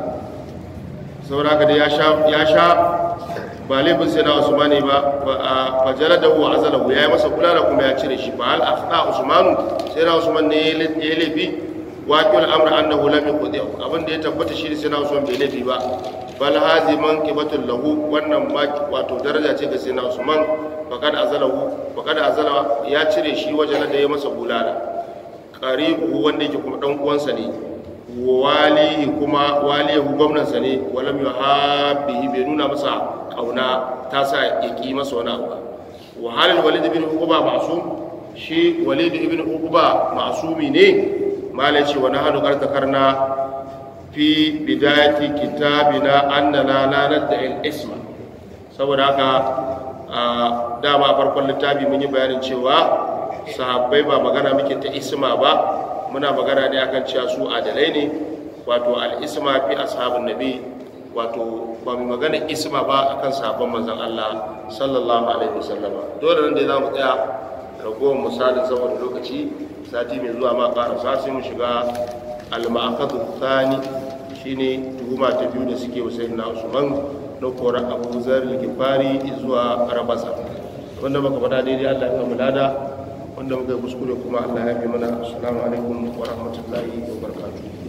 saboda haka dai ya sha ba laifin sai na usmani ba ba jala da uwa azala ya yi masa bulala kuma ya cire shi ba al'afda usmanu sai na usman ne ya laifi waƙi al'amura an na hulami kudi abin da ya tabbata shi ne sai na usman bai laifi ba bal hazi man kibatun lahu wannan ma wato daraja ce ga sai na usman fakad azalahu fakad azalawa ya cire shi wajen da ya masa bulala qaribuhu wanda yake kuma dan uwansa ne walihi kuma walihu gwamnansa ne walam yuhabbihi bai nuna masa kauna ta sa ya ƙi masa wani abu wa halin walid ibn uquba masu shi walid ibn uquba ma'sumi ne malaci wani wa nahadu na fi bidayati na annana la nad'il isma saboda haka a dama farkon littafi mun yi bayanin cewa sahabbai ba magana muke ta isma ba muna magana ne akan cewa su adalai ne wato al'isma fi ashabin nabi wato ba mu magana isma ba akan sabon manzon Allah sallallahu alaihi wasallama dole ne dai za mu tsaya ragowar misalin saboda lokaci sati mai zuwa ma ƙara sai mu shiga al-ma'akadu thani shine tuhuma ta biyu da suke wasayin na usman na kora abu zar likifari zuwa rabasa wanda baka fada daidai allah ya lada wanda muka kuskure kuma Allah ya bi mana assalamu alaikum wa rahmatullahi wa barakatuh